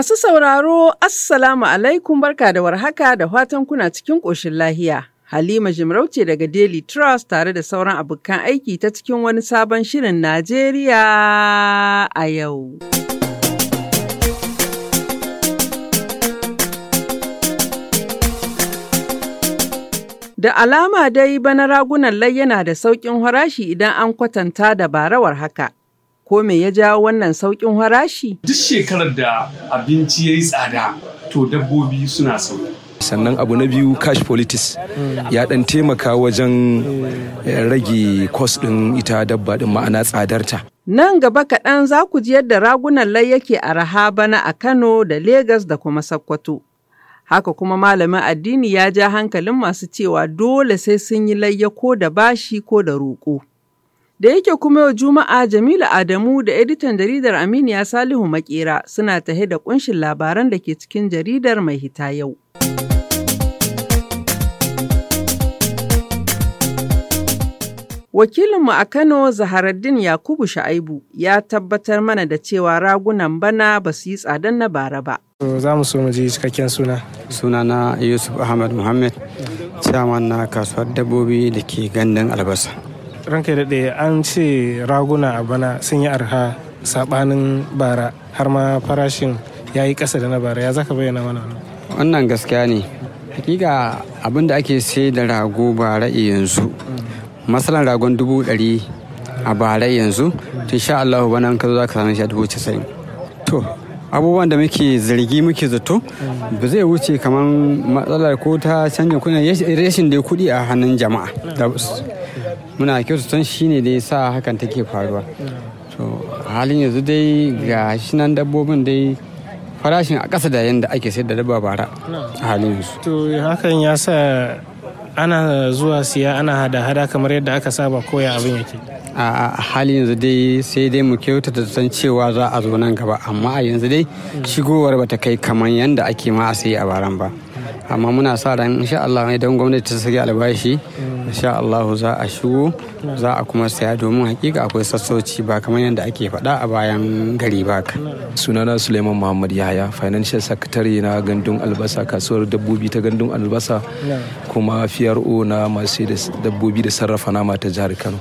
Masu sauraro, Assalamu alaikum barka da warhaka da fatan kuna cikin ƙoshin lahiya. Halima Jimarauce daga Daily Trust tare da sauran abokan aiki ta cikin wani sabon shirin Najeriya a yau. Da alama dai bana ragunan lai yana da sauƙin harashi idan an kwatanta da barawar haka. ko me ya jawo wannan sauƙin harashi. Duk shekarar da abinci ya yi tsada to dabbobi suna sauƙi. sannan abu na biyu cash politics ya dan taimaka wajen eh, rage kwas ɗin ita dabba ɗin ma'ana tsadarta. Nan gaba kaɗan za ku ji yadda ragunan lai yake a rahabana a Kano da Legas da kuma Sokoto. Haka kuma malamin addini ya ja hankalin masu cewa dole sai sun yi layya ko da bashi ko da roƙo. Da yake kuma yau Juma'a Jamilu Adamu da editan jaridar Aminiya Salihu Makera suna tahe da kunshin labaran da ke cikin jaridar mai hita yau. Wakilinmu a Kano Zaharaddin Yakubu Sha'aibu ya tabbatar mana da cewa ragunan bana ba su yi tsadan na bara ba. Za mu so mu ji cikakken suna. Sunana Yusuf Ahmad Muhammad, chairman na kasuwar dabbobi da ke gandun albasa. ranka daɗe an ce raguna a bana sun yi arha sabanin bara har ma farashin ya yi ƙasa da na bara ya zaka bayyana mana wannan gaskiya ne hakika abin da ake sai da rago bara yanzu masalan ragon dubu ɗari a bara yanzu tun sha Allah bana ka zo za ka sami shi a dubu casa'in to abubuwan da muke zargi muke zato ba zai wuce kamar matsalar ko ta canjin kudi rashin da kuɗi a hannun jama'a muna kyautatan shi ne da sa hakan take faruwa to halin yanzu dai ga shi nan dabbobin dai farashin a ƙasa da yadda ake sayar da dabba bara a halin yanzu to hakan ya sa ana zuwa siya ana hada-hada kamar yadda aka saba koya abin yake a halin yanzu dai sai dai mu kyautata san cewa za a zo nan gaba amma a yanzu dai mm. shigowar bata kai kamar yadda ake ma a sayi a baran ba amma muna sa ran insha Allah idan gwamnati ta sake albashi insha Allah za a shigo za a kuma saya domin hakika akwai sassauci ba kamar yadda ake faɗa a bayan gari ba ka. sunana Suleiman Muhammad Yahaya financial secretary na gandun albasa kasuwar dabbobi ta gandun albasa kuma fro na masu dabbobi da sarrafa nama ta jihar Kano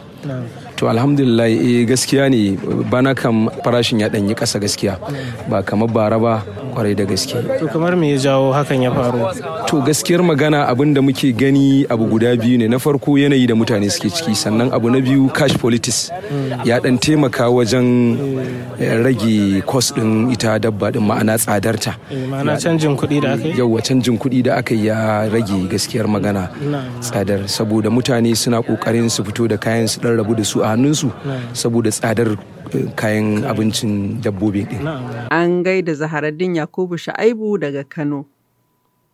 to alhamdulillah eh, gaskiya ne bana kam farashin ya danyi ƙasa gaskiya ba kamar bara ba kwarai da gaske to kamar me ya jawo hakan ya faru to gaskiyar magana abin da muke gani abu guda biyu ne na farko yanayi da mutane suke ciki sannan abu na biyu cash politics hmm. ya dan taimaka wajen eh, rage cost din ita dabba din ma'ana tsadarta eh, ma'ana canjin kuɗi da aka yi yawwa canjin kuɗi da aka yi ya rage gaskiyar magana tsadar saboda mutane suna kokarin su fito da kayan su dan rabu da su a hannunsu saboda tsadar kayan abincin dabbobi ɗin. An gaida Zaharaddin Yakubu Sha'aibu daga Kano.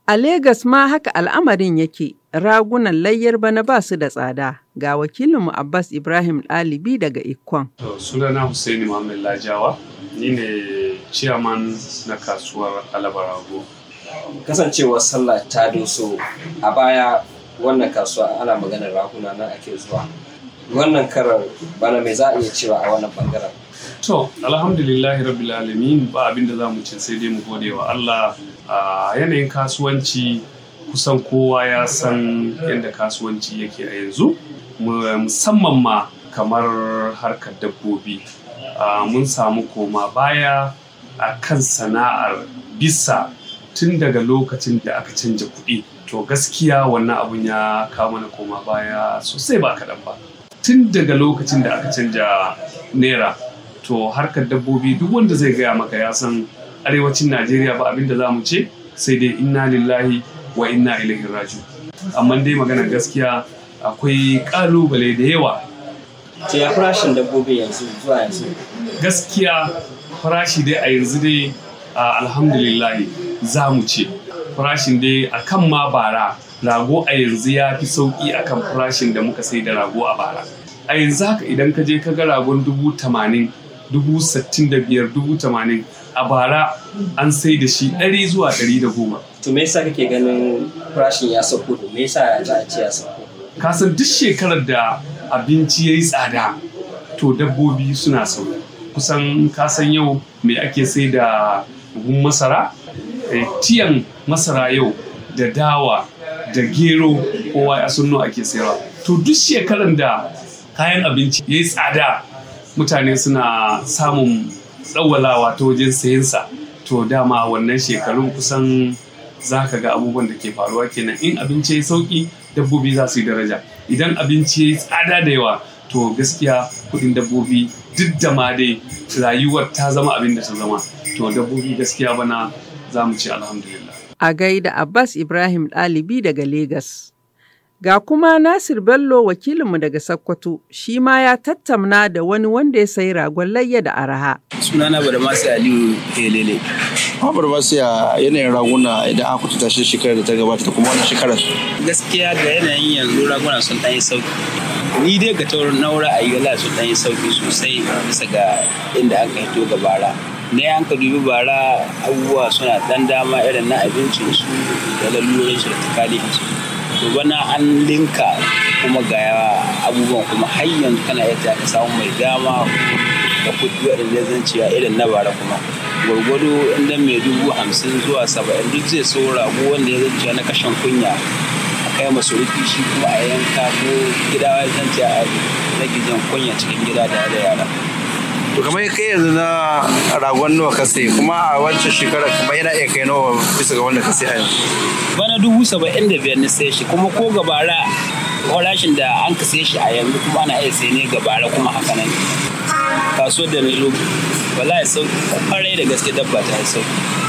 A Legas ma haka al'amarin yake, ragunan layyar bana ba su da tsada, ga wakilinmu Abbas Ibrahim ɗalibi daga Ikon. Sunana Hussaini Muhammad Lajawa, ni ne ciyaman na kasuwar Alabarago. Kasancewar sallah ta doso a baya wannan kasuwa ana maganar raguna na ake zuwa. wannan karar bana mai za a iya cewa a wannan bangaren to alhamdulillahi rabbil alamin ba abin da za mu ce sai dai mu gode wa Allah a yanayin kasuwanci kusan kowa ya san yadda kasuwanci yake a yanzu musamman ma kamar harkar dabbobi mun samu koma baya a kan sana'ar bisa tun daga lokacin da aka canja kuɗi to gaskiya wannan abun ya kama na koma baya sosai ba kaɗan ba tun daga lokacin da aka canja naira to harkar dabbobi duk wanda zai gaya maka ya san arewacin najeriya ba abin da za mu ce sai dai inna lillahi wa inna ilaihi raju amma dai magana gaskiya akwai kalubale da yawa ce ya farashin dabbobi yanzu zuwa yanzu gaskiya farashi dai a yanzu dai alhamdulillahi za mu ce farashin dai a kan ma bara rago a yanzu ya fi sauƙi a kan farashin da muka sai da rago a bara a yanzu haka idan ka je ka ga ragon dubu tamanin dubu sittin da biyar dubu tamanin a bara an sai da shi ɗari zuwa ɗari da goma. to me yasa kake ganin farashin ya sauko me yasa za a ce ya sauko. ka san duk shekarar da abinci ya yi tsada to dabbobi suna sauki kusan ka san yau me ake sai da buhun masara eh, tiyan masara yau da dawa da gero kowa ya sunno ake sayarwa to duk shekarun da kayan abinci ya yi tsada mutane suna samun tsawalawa ta wajen sayensa to dama wannan shekarun kusan za ka ga abubuwan da ke faruwa kenan in abinci ya sauki dabbobi za su yi daraja idan abinci ya yi tsada da yawa to gaskiya kudin dabbobi duk da ma dai rayuwar ta zama abin da ta zama to dabbobi gaskiya bana za mu ce alhamdulillah a gaida Abbas Ibrahim ɗalibi daga Legas. Ga kuma Nasir Bello wakilinmu daga Sokoto shi ma ya tattamna da wani wanda ya sayi ragon layya da araha. Sunana bada masu Aliyu Helele. Mabar ah, masu ya yanayin raguna idan aka kuta tashi shekarar da ta gabata da kuma wannan shekarar. Gaskiya da yanayin yanzu raguna sun ɗanyi yi sauki. Ni dai ga taurin naura a yi sun ɗanyi yi sauki sosai bisa ga inda aka hito gabara. bara. ne an ka dubi bara abubuwa suna ɗan dama irin na abincin su da lalurin lalurorinsu da su to bana an linka kuma ga abubuwan kuma har yanzu kana iya ta ka samu mai dama da kuɗi da zan cewa irin na bara kuma gwargwado inda mai dubu hamsin zuwa saba'in duk zai so rago wanda ya zance na kashin kunya a kai rufi shi kuma a yanka ko gida ya zance a rage jan kunya cikin gida da yara. to kamar kai yanzu na ragon nawa ka sai kuma a wancan shekara kuma yana iya kai nawa bisa ga wanda ka sai a yanzu bana dubu saba'in da biyar na sai shi kuma ko gabara farashin da an ka sai shi a yanzu kuma ana iya sai ne gabara kuma haka nan kasuwar da mai lobi ya sauki kwarai da gaske dabba ta yi sauki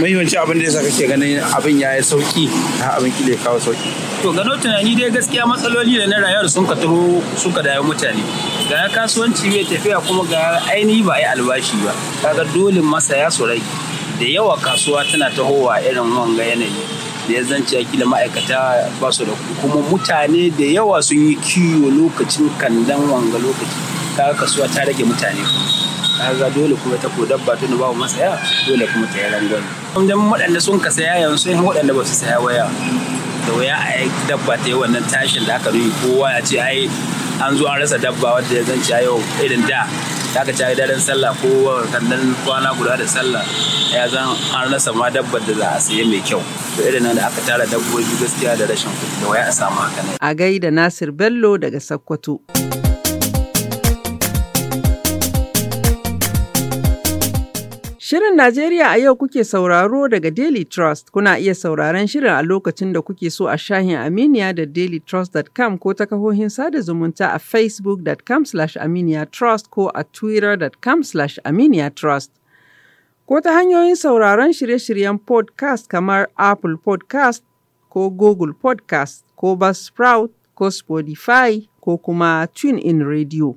mahimmanci abin da ya saka ke ganin abin ya yi sauki na abin kile kawo sauki to gano tunani dai gaskiya matsaloli da na rayuwar sun ka turo suka dawo mutane ga kasuwanci bai tafiya kuma ga ainihi ba a yi albashi ba kaga dole masaya su rai. da yawa kasuwa tana tahowa irin wanga yanayi da ya zance kila ma'aikata ba su da kuma mutane da yawa sun yi kiwo lokacin kandan wanga lokaci kaga kasuwa ta rage mutane kaza dole kuma ta ko dabba tun babu masaya dole kuma ta yi rangon dan waɗanda sun ka saya yanzu sun waɗanda ba su saya waya da waya a dabba ta yi wannan tashin da aka yi kowa ya ce ai an zo an rasa dabba wadda ya zanci yau irin da aka ci daren sallah ko kandan kwana guda da sallah ya zan an rasa ma dabbar da za a saye mai kyau to irin da aka tara dabbobi gaskiya da rashin kuɗi da waya a samu haka ne a gaida Nasir Bello daga Sokoto. Shirin Najeriya a yau kuke sauraro daga Daily Trust. Kuna iya sauraron shirin a lokacin da kuke so a shahin Aminiya da dailytrust.com ko ta kahohin sada zumunta a facebookcom aminiyatrust ko a twittercom aminiyatrust Ko ta hanyoyin sauraron shirye-shiryen podcast kamar Apple podcast ko Google podcast ko Buzzsprout ko Spotify ko kuma TuneIn Radio.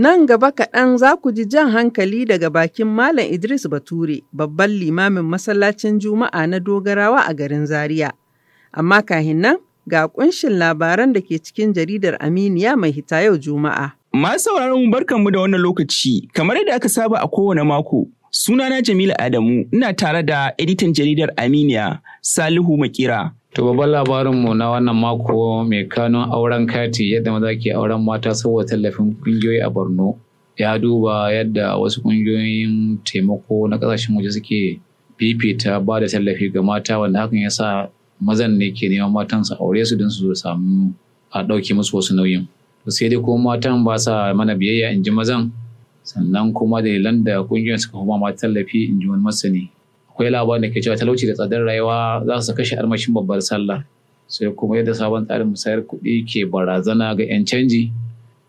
Nan gaba kaɗan za ku ji jan hankali daga bakin Malam Idris Bature, babban limamin masallacin Juma'a na Dogarawa a garin Zaria. Amma kahin nan ga ƙunshin labaran da ke cikin jaridar Aminiya mai hita yau Juma'a. Masu sauraron barkanmu da wannan lokaci, kamar yadda aka saba a kowane mako, sunana Jamilu Adamu, ina tare da editan jaridar Aminiya, Salihu Makira. To babban labarin mu na wannan mako mai kanun auren kati yadda maza ke auren mata saboda tallafin kungiyoyi a Borno ya duba yadda wasu ƙungiyoyin taimako na ƙasashen waje suke fifita ba da tallafi ga mata wanda hakan ya sa mazan ne ke neman matan su aure su don su samu a ɗauke musu wasu nauyin. Sai dai kuma matan ba sa mana biyayya in ji mazan sannan kuma dalilan da ƙungiyoyin suka kuma mata tallafi in ji wani masani akwai labarin da ke cewa talauci da tsadar rayuwa za su kashe armashin babbar sallah sai kuma yadda sabon tsarin musayar kuɗi ke barazana ga 'yan canji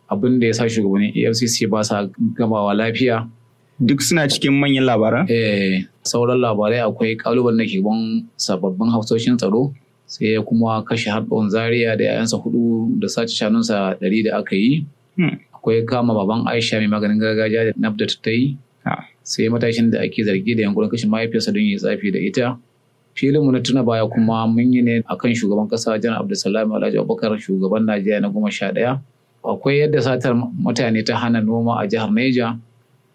abin da ya sa shugabannin efcc ba sa gamawa lafiya duk suna cikin manyan labaran? eh sauran labarai akwai kalubalen da ke ban sababbin hausoshin tsaro sai kuma kashe haɗon zaria da 'ya'yansa hudu da sace shanunsa ɗari da aka yi hmm. akwai kama baban aisha mai maganin gargajiya da nabda ta yi sai matashin da ake zargi da yankunan kashin mahaifiyarsa don yi tsafi da ita filinmu na tuna baya kuma mun yi ne kan shugaban kasa janar abdulsalam alhaji abubakar shugaban najeriya na goma sha ɗaya akwai yadda satar mutane ta hana noma a jihar neja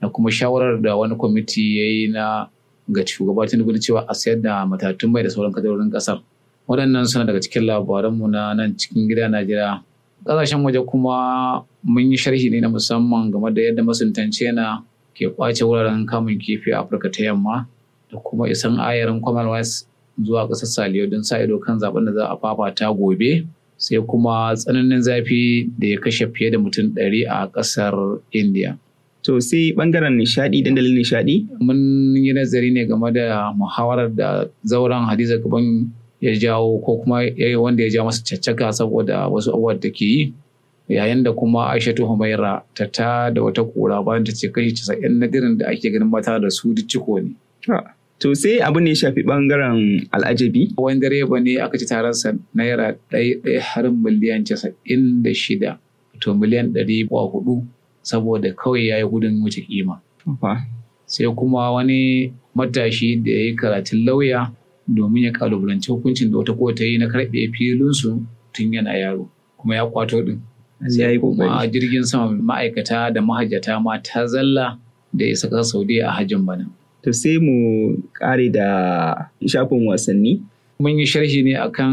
na kuma shawarar da wani kwamiti ya yi na ga shugaba tinubu cewa a sayar da matatun mai da sauran kadarorin kasar waɗannan suna daga cikin labaranmu na nan cikin gida najeriya ƙasashen waje kuma mun yi sharhi ne na musamman game da yadda masuntance na ke kwace wuraren kamun kifi a Afirka ta yamma da kuma isan ayarin Commonwealth zuwa ƙasar Saliyo don sa ido kan zaben da za a fafata gobe sai kuma tsananin zafi da ya kashe fiye da mutum ɗari a ƙasar India. To sai bangaren nishadi dandalin nishaɗi. Mun yi nazari ne game da muhawarar da zauren Hadiza Gaban ya jawo ko kuma wanda ya ja masa caccaka saboda wasu abubuwa da ke yi. yayin da kuma ta humaira ta ta da wata kura bayan ta ce kashi casa'in na ganin da ake ganin mata da su duk ciko ne. To sai abu ne shafi bangaren al'ajabi? Wani direba ne aka ci taronsa naira ɗaya ɗaya har miliyan casa'in da shida to miliyan ɗari ba hudu saboda kawai ya yi gudun wuce kima. Sai kuma wani matashi da ya yi karatun lauya domin ya kalubalanci hukuncin da wata kota yi na karɓe filinsu tun yana yaro kuma ya kwato ɗin. ya kuma jirgin sama ma'aikata da mahajjata ma ta zalla da ya saka saudiya a hajjin bana to sai mu kare da shafin wasanni mun yi sharhi ne akan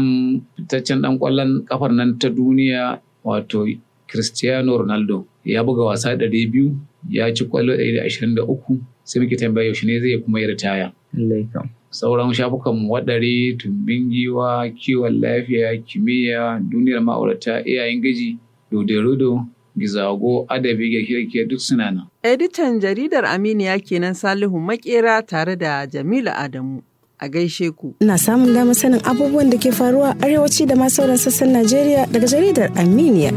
fitaccen ɗan ƙwallon kafar nan ta duniya wato cristiano ronaldo ya buga wasa ɗari biyu, ya ci ƙwallo ɗari ashirin da uku, sai muke tambaya yaushe ne zai kuma yi ritaya sauran shafukan waɗare tumbin giwa kiwon lafiya kimiyya duniyar ma'aurata iyayen gaji rudo-rudo, gizago, adabi ga duk suna nan. Editan jaridar Aminiya kenan Salihu Makera tare da Jamilu Adamu. a gaishe ku. Ina samun damar sanin abubuwan da ke faruwa arewaci da ma sauran sassan Najeriya daga jaridar Aminiya.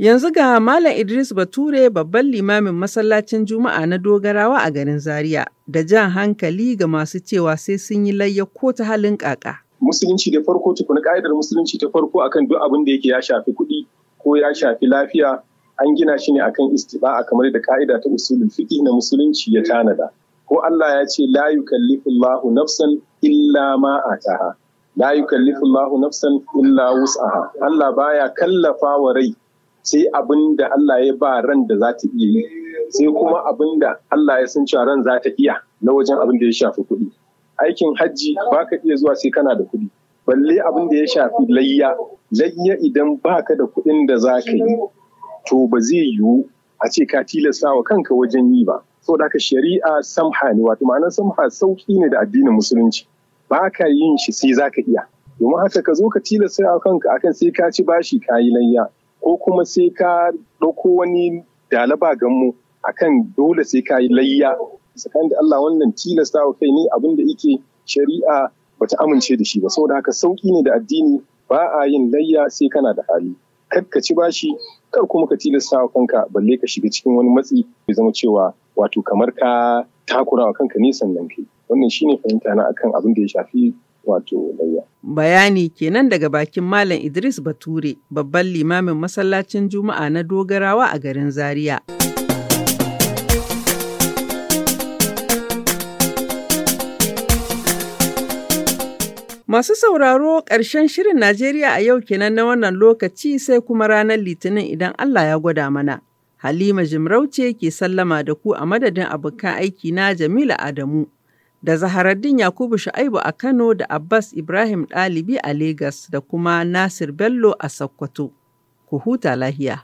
Yanzu ga Malam Idris Bature babban limamin masallacin Juma'a na dogarawa a garin Zaria da jan hankali ga masu cewa sai sun yi layya ko ta halin kaka. Musulunci da farko tukuna ka'idar musulunci ta farko akan duk abin da yake ya shafi kuɗi ko ya shafi lafiya an gina shi ne akan istiba'a kamar da ka'ida ta usulul fiqh na musulunci ya tanada ko Allah ya ce la yukallifu Fulahu, nafsan illa ma ataha la yukallifu nafsan illa wus'aha Allah baya kallafa wa rai sai abinda da Allah ya ba ran da za ta iya yi sai kuma abinda Allah ya san cewa ran za ta iya na wajen abin da ya shafi kuɗi aikin hajji baka iya zuwa sai kana da kuɗi balle abin da ya shafi layya layya idan baka da kuɗin da za ka yi to ba zai yiwu a ce ka tilasta wa kanka wajen yi ba da haka shari'a samha ne wato ma'anar samha sauki ne da addinin musulunci ba ka yin shi sai za ka iya domin haka ka zo ka tilasta wa kanka akan sai ka ci bashi ka yi layya ko kuma sai ka ɗauko wani dalaba gammo akan dole sai ka yi layya tsakanin da Allah wannan tilasta wa kai ne abin da yake shari'a bata amince da shi ba saboda haka sauki ne da addini ba a yin layya sai kana da hali kar ka ci bashi kar kuma ka tilasta wa kanka balle ka shiga cikin wani matsi ya zama cewa wato kamar ka takura wa kanka ne sannan kai wannan shine fahimta na akan abin da ya shafi wato layya. Bayani kenan daga bakin Malam Idris Bature babban limamin masallacin Juma'a na dogarawa a garin Zaria. Masu sauraro ƙarshen shirin Najeriya a yau kenan na wannan lokaci sai kuma ranar Litinin idan Allah ya gwada mana. Halima Jimarauce ke sallama da ku a madadin abokan aiki na Jamila Adamu da Zaharaddin Yakubu Shu'aibu a Kano da Abbas Ibrahim Ɗalibi a Legas da kuma Nasir Bello a Sokoto. Ku huta lahiya.